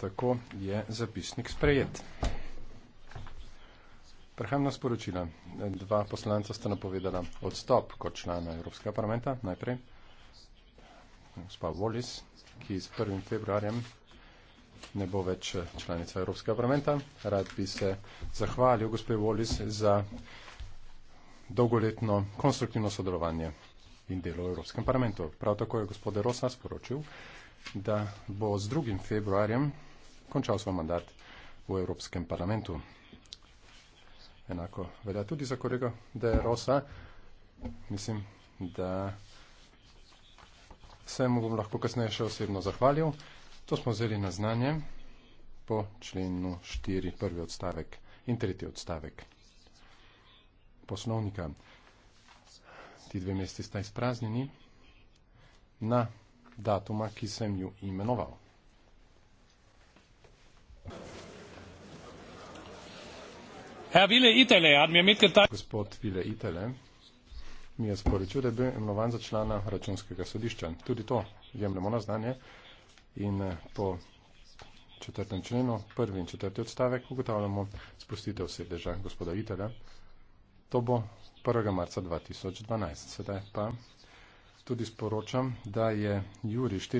Tako je zapisnik sprejet. Prehajam na sporočila. Dva poslanca sta napovedala odstop kot člana Evropskega parlamenta. Najprej gospa Wallis, ki s 1. februarjem ne bo več članica Evropskega parlamenta. Rad bi se zahvalil gospe Wallis za dolgoletno konstruktivno sodelovanje in delo v Evropskem parlamentu. Prav tako je gospod Rosa sporočil, da bo z 2. februarjem končal svoj mandat v Evropskem parlamentu. Enako velja tudi za kolega De Rosa. Mislim, da se mu bom lahko kasneje še osebno zahvalil. To smo vzeli na znanje po členu 4, prvi odstavek in tretji odstavek poslovnika. Ti dve mesti sta izpraznjeni na datuma, ki sem ju imenoval. Gospod Vile Itele mi je sporočil, da je bil imenovan za člana računskega sodišča. Tudi to jemljemo na znanje in eh, po četrtem členu, prvi in četrti odstavek, ugotavljamo spustitev sedeža gospoda Itele. To bo 1. marca 2012. Sedaj pa tudi sporočam, da je Juri 4.